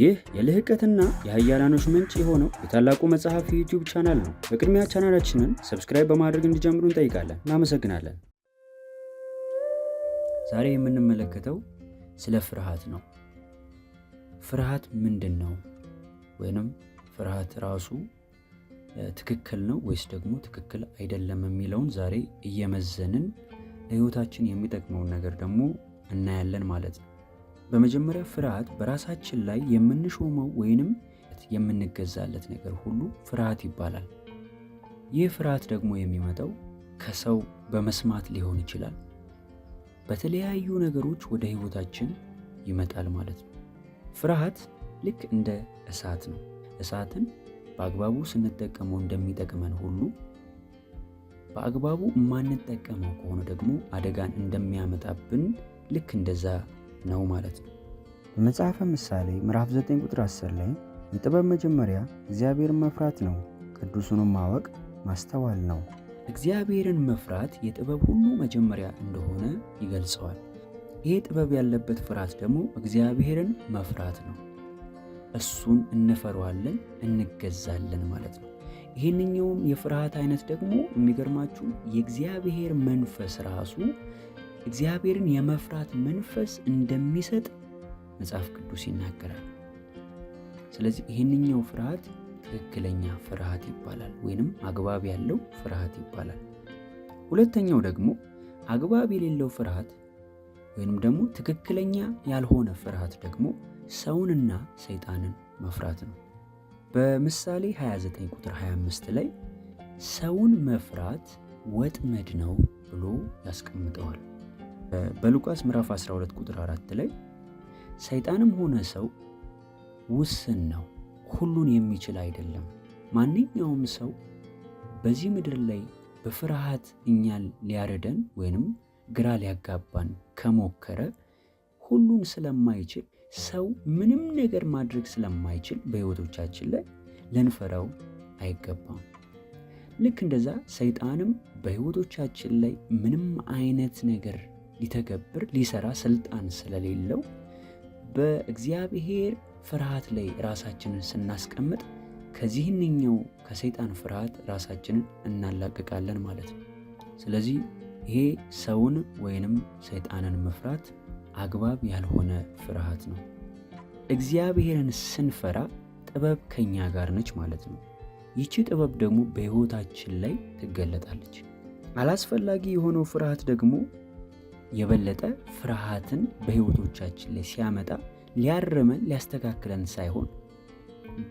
ይህ የልህቀትና የሀያላኖች ምንጭ የሆነው የታላቁ መጽሐፍ ዩቲዩብ ቻናል ነው። በቅድሚያ ቻናላችንን ሰብስክራይብ በማድረግ እንዲጀምሩ እንጠይቃለን። እናመሰግናለን። ዛሬ የምንመለከተው ስለ ፍርሃት ነው። ፍርሃት ምንድን ነው? ወይንም ፍርሃት ራሱ ትክክል ነው ወይስ ደግሞ ትክክል አይደለም የሚለውን ዛሬ እየመዘንን ለህይወታችን የሚጠቅመውን ነገር ደግሞ እናያለን ማለት ነው። በመጀመሪያ ፍርሃት በራሳችን ላይ የምንሾመው ወይንም የምንገዛለት ነገር ሁሉ ፍርሃት ይባላል። ይህ ፍርሃት ደግሞ የሚመጣው ከሰው በመስማት ሊሆን ይችላል። በተለያዩ ነገሮች ወደ ህይወታችን ይመጣል ማለት ነው። ፍርሃት ልክ እንደ እሳት ነው። እሳትን በአግባቡ ስንጠቀመው እንደሚጠቅመን ሁሉ በአግባቡ የማንጠቀመው ከሆነ ደግሞ አደጋን እንደሚያመጣብን ልክ እንደዛ ነው ማለት ነው። በመጽሐፈ ምሳሌ ምዕራፍ 9 ቁጥር 10 ላይ የጥበብ መጀመሪያ እግዚአብሔርን መፍራት ነው፣ ቅዱሱንም ማወቅ ማስተዋል ነው። እግዚአብሔርን መፍራት የጥበብ ሁሉ መጀመሪያ እንደሆነ ይገልጸዋል። ይሄ ጥበብ ያለበት ፍርሃት ደግሞ እግዚአብሔርን መፍራት ነው። እሱን እንፈራዋለን፣ እንገዛለን ማለት ነው። ይህንኛውም የፍርሃት አይነት ደግሞ የሚገርማችሁ የእግዚአብሔር መንፈስ ራሱ እግዚአብሔርን የመፍራት መንፈስ እንደሚሰጥ መጽሐፍ ቅዱስ ይናገራል። ስለዚህ ይህንኛው ፍርሃት ትክክለኛ ፍርሃት ይባላል፣ ወይንም አግባብ ያለው ፍርሃት ይባላል። ሁለተኛው ደግሞ አግባብ የሌለው ፍርሃት ወይንም ደግሞ ትክክለኛ ያልሆነ ፍርሃት ደግሞ ሰውንና ሰይጣንን መፍራት ነው። በምሳሌ 29 ቁጥር 25 ላይ ሰውን መፍራት ወጥመድ ነው ብሎ ያስቀምጠዋል። በሉቃስ ምዕራፍ 12 ቁጥር 4 ላይ ሰይጣንም ሆነ ሰው ውስን ነው፣ ሁሉን የሚችል አይደለም። ማንኛውም ሰው በዚህ ምድር ላይ በፍርሃት እኛን ሊያረደን ወይንም ግራ ሊያጋባን ከሞከረ ሁሉን ስለማይችል ሰው ምንም ነገር ማድረግ ስለማይችል በሕይወቶቻችን ላይ ልንፈራው አይገባም። ልክ እንደዛ ሰይጣንም በሕይወቶቻችን ላይ ምንም አይነት ነገር ሊተገብር ሊሰራ ስልጣን ስለሌለው በእግዚአብሔር ፍርሃት ላይ ራሳችንን ስናስቀምጥ ከዚህንኛው ከሰይጣን ፍርሃት ራሳችንን እናላቅቃለን ማለት ነው። ስለዚህ ይሄ ሰውን ወይንም ሰይጣንን መፍራት አግባብ ያልሆነ ፍርሃት ነው። እግዚአብሔርን ስንፈራ ጥበብ ከኛ ጋር ነች ማለት ነው። ይቺ ጥበብ ደግሞ በሕይወታችን ላይ ትገለጣለች። አላስፈላጊ የሆነው ፍርሃት ደግሞ የበለጠ ፍርሃትን በህይወቶቻችን ላይ ሲያመጣ ሊያርመን ሊያስተካክለን ሳይሆን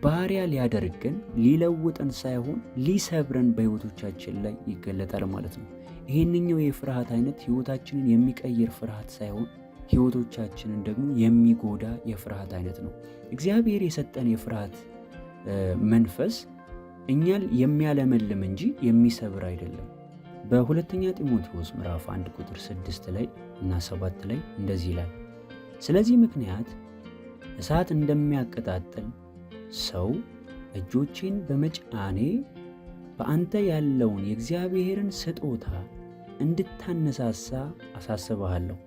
ባሪያ ሊያደርገን ሊለውጠን ሳይሆን ሊሰብረን በህይወቶቻችን ላይ ይገለጣል ማለት ነው። ይህንኛው የፍርሃት አይነት ህይወታችንን የሚቀይር ፍርሃት ሳይሆን ህይወቶቻችንን ደግሞ የሚጎዳ የፍርሃት አይነት ነው። እግዚአብሔር የሰጠን የፍርሃት መንፈስ እኛን የሚያለመልም እንጂ የሚሰብር አይደለም። በሁለተኛ ጢሞቴዎስ ምዕራፍ 1 ቁጥር 6 ላይ እና 7 ላይ እንደዚህ ይላል፣ ስለዚህ ምክንያት እሳት እንደሚያቀጣጥል ሰው እጆቼን በመጫኔ በአንተ ያለውን የእግዚአብሔርን ስጦታ እንድታነሳሳ አሳስባለሁ።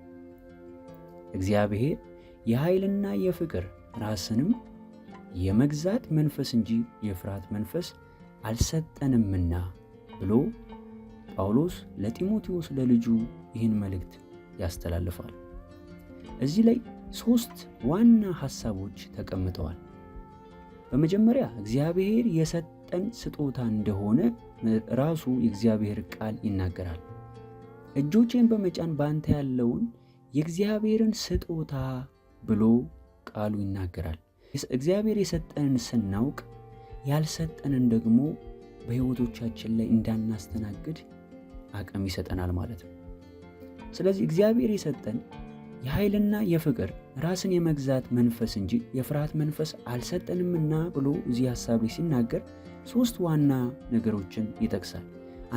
እግዚአብሔር የኃይልና የፍቅር ራስንም የመግዛት መንፈስ እንጂ የፍርሃት መንፈስ አልሰጠንምና ብሎ ጳውሎስ ለጢሞቴዎስ ለልጁ ይህን መልእክት ያስተላልፋል። እዚህ ላይ ሶስት ዋና ሐሳቦች ተቀምጠዋል። በመጀመሪያ እግዚአብሔር የሰጠን ስጦታ እንደሆነ ራሱ የእግዚአብሔር ቃል ይናገራል። እጆቼን በመጫን ባንተ ያለውን የእግዚአብሔርን ስጦታ ብሎ ቃሉ ይናገራል። እግዚአብሔር የሰጠንን ስናውቅ ያልሰጠንን ደግሞ በሕይወቶቻችን ላይ እንዳናስተናግድ አቅም ይሰጠናል ማለት ነው። ስለዚህ እግዚአብሔር የሰጠን የኃይልና የፍቅር ራስን የመግዛት መንፈስ እንጂ የፍርሃት መንፈስ አልሰጠንምና ብሎ እዚህ ሐሳብ ላይ ሲናገር ሦስት ዋና ነገሮችን ይጠቅሳል።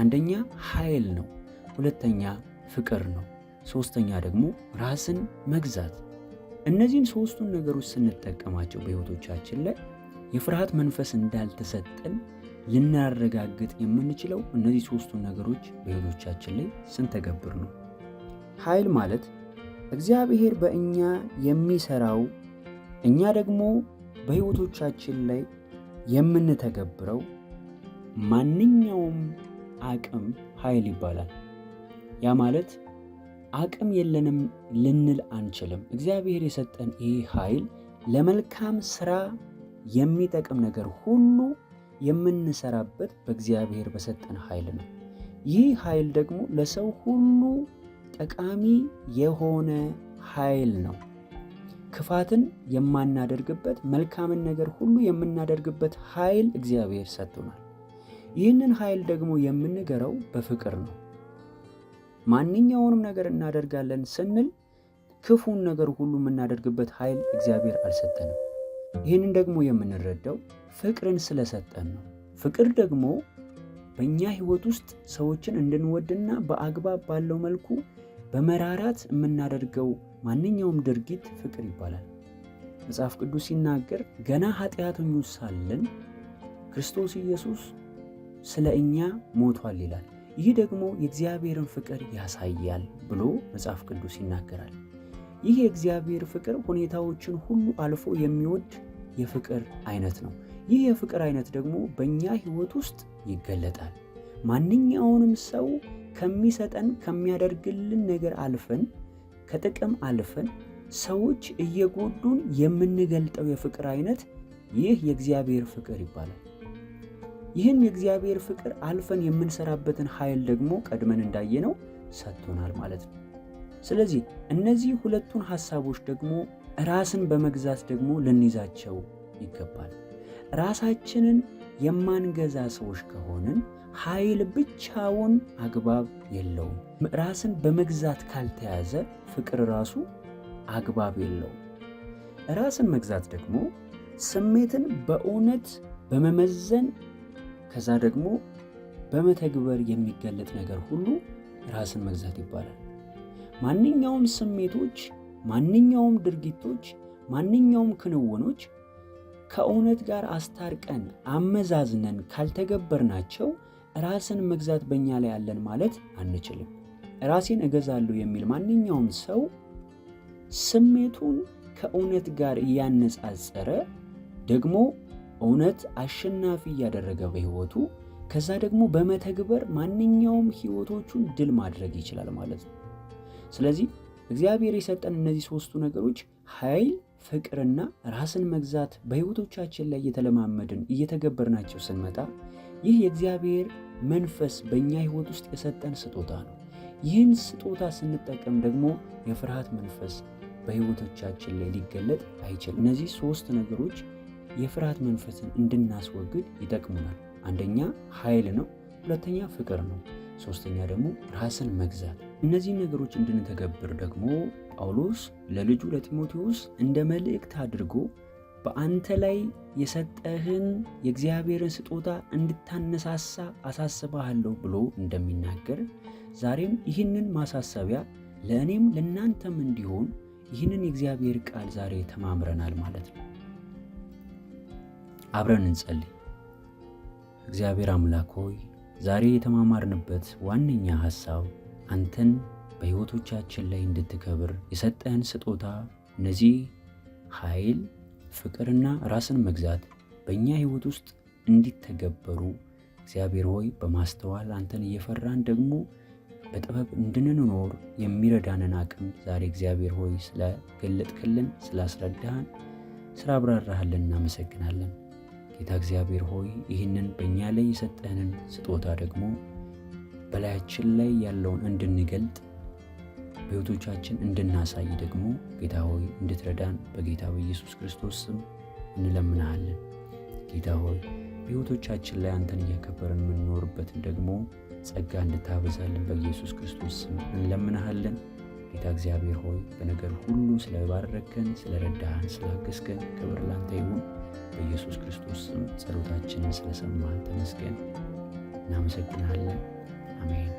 አንደኛ ኃይል ነው፣ ሁለተኛ ፍቅር ነው፣ ሦስተኛ ደግሞ ራስን መግዛት። እነዚህን ሦስቱን ነገሮች ስንጠቀማቸው በሕይወቶቻችን ላይ የፍርሃት መንፈስ እንዳልተሰጠን ልናረጋግጥ የምንችለው እነዚህ ሶስቱን ነገሮች በሕይወቶቻችን ላይ ስንተገብር ነው። ኃይል ማለት እግዚአብሔር በእኛ የሚሰራው እኛ ደግሞ በሕይወቶቻችን ላይ የምንተገብረው ማንኛውም አቅም ኃይል ይባላል። ያ ማለት አቅም የለንም ልንል አንችልም። እግዚአብሔር የሰጠን ይህ ኃይል ለመልካም ስራ የሚጠቅም ነገር ሁሉ የምንሰራበት በእግዚአብሔር በሰጠን ኃይል ነው። ይህ ኃይል ደግሞ ለሰው ሁሉ ጠቃሚ የሆነ ኃይል ነው። ክፋትን የማናደርግበት፣ መልካምን ነገር ሁሉ የምናደርግበት ኃይል እግዚአብሔር ሰጥቶናል። ይህንን ኃይል ደግሞ የምንገረው በፍቅር ነው። ማንኛውንም ነገር እናደርጋለን ስንል ክፉን ነገር ሁሉ የምናደርግበት ኃይል እግዚአብሔር አልሰጠንም። ይህንን ደግሞ የምንረዳው ፍቅርን ስለሰጠን ነው። ፍቅር ደግሞ በእኛ ህይወት ውስጥ ሰዎችን እንድንወድና በአግባብ ባለው መልኩ በመራራት የምናደርገው ማንኛውም ድርጊት ፍቅር ይባላል። መጽሐፍ ቅዱስ ሲናገር ገና ኃጢአተኞች ሳለን ክርስቶስ ኢየሱስ ስለ እኛ ሞቷል ይላል። ይህ ደግሞ የእግዚአብሔርን ፍቅር ያሳያል ብሎ መጽሐፍ ቅዱስ ይናገራል። ይህ የእግዚአብሔር ፍቅር ሁኔታዎችን ሁሉ አልፎ የሚወድ የፍቅር አይነት ነው። ይህ የፍቅር አይነት ደግሞ በእኛ ሕይወት ውስጥ ይገለጣል። ማንኛውንም ሰው ከሚሰጠን ከሚያደርግልን ነገር አልፈን ከጥቅም አልፈን ሰዎች እየጎዱን የምንገልጠው የፍቅር አይነት ይህ የእግዚአብሔር ፍቅር ይባላል። ይህን የእግዚአብሔር ፍቅር አልፈን የምንሰራበትን ኃይል ደግሞ ቀድመን እንዳየነው ሰጥቶናል ማለት ነው። ስለዚህ እነዚህ ሁለቱን ሐሳቦች ደግሞ ራስን በመግዛት ደግሞ ልንይዛቸው ይገባል። ራሳችንን የማንገዛ ሰዎች ከሆንን ኃይል ብቻውን አግባብ የለውም። ራስን በመግዛት ካልተያዘ ፍቅር ራሱ አግባብ የለውም። ራስን መግዛት ደግሞ ስሜትን በእውነት በመመዘን ከዛ ደግሞ በመተግበር የሚገለጥ ነገር ሁሉ ራስን መግዛት ይባላል። ማንኛውም ስሜቶች፣ ማንኛውም ድርጊቶች፣ ማንኛውም ክንውኖች ከእውነት ጋር አስታርቀን አመዛዝነን ካልተገበርናቸው ራስን መግዛት በእኛ ላይ አለን ማለት አንችልም። ራሴን እገዛለሁ የሚል ማንኛውም ሰው ስሜቱን ከእውነት ጋር እያነጻጸረ ደግሞ እውነት አሸናፊ እያደረገ በህይወቱ ከዛ ደግሞ በመተግበር ማንኛውም ህይወቶቹን ድል ማድረግ ይችላል ማለት ነው። ስለዚህ እግዚአብሔር የሰጠን እነዚህ ሶስቱ ነገሮች ኃይል፣ ፍቅርና ራስን መግዛት በህይወቶቻችን ላይ እየተለማመድን እየተገበርናቸው ስንመጣ ይህ የእግዚአብሔር መንፈስ በእኛ ህይወት ውስጥ የሰጠን ስጦታ ነው። ይህን ስጦታ ስንጠቀም ደግሞ የፍርሃት መንፈስ በህይወቶቻችን ላይ ሊገለጥ አይችልም። እነዚህ ሶስት ነገሮች የፍርሃት መንፈስን እንድናስወግድ ይጠቅሙናል። አንደኛ ኃይል ነው። ሁለተኛ ፍቅር ነው። ሶስተኛ ደግሞ ራስን መግዛት። እነዚህን ነገሮች እንድንተገብር ደግሞ ጳውሎስ ለልጁ ለጢሞቴዎስ እንደ መልእክት አድርጎ በአንተ ላይ የሰጠህን የእግዚአብሔርን ስጦታ እንድታነሳሳ አሳስባሃለሁ ብሎ እንደሚናገር ዛሬም ይህንን ማሳሰቢያ ለእኔም ለእናንተም እንዲሆን ይህንን የእግዚአብሔር ቃል ዛሬ ተማምረናል ማለት ነው። አብረን እንጸልይ። እግዚአብሔር አምላክ ሆይ ዛሬ የተማማርንበት ዋነኛ ሐሳብ አንተን በሕይወቶቻችን ላይ እንድትከብር የሰጠህን ስጦታ እነዚህ ኃይል፣ ፍቅርና ራስን መግዛት በእኛ ሕይወት ውስጥ እንዲተገበሩ እግዚአብሔር ሆይ በማስተዋል አንተን እየፈራን ደግሞ በጥበብ እንድንኖር የሚረዳንን አቅም ዛሬ እግዚአብሔር ሆይ ስለገለጥክልን፣ ስላስረዳህን፣ ስላብራራህልን እናመሰግናለን። ጌታ እግዚአብሔር ሆይ ይህንን በእኛ ላይ የሰጠህንን ስጦታ ደግሞ በላያችን ላይ ያለውን እንድንገልጥ በሕይወቶቻችን እንድናሳይ ደግሞ ጌታ ሆይ እንድትረዳን በጌታ በኢየሱስ ክርስቶስ ስም እንለምናሃለን። ጌታ ሆይ በሕይወቶቻችን ላይ አንተን እያከበርን የምንኖርበትን ደግሞ ጸጋ እንድታበዛልን በኢየሱስ ክርስቶስ ስም እንለምናሃለን። ጌታ እግዚአብሔር ሆይ በነገር ሁሉ ስለባረከን፣ ስለረዳህን፣ ስላገስከን ክብር ላንተ ይሁን። በኢየሱስ ክርስቶስ ስም ጸሎታችንን ስለሰማህ ተመስገን። እናመሰግናለን። አሜን።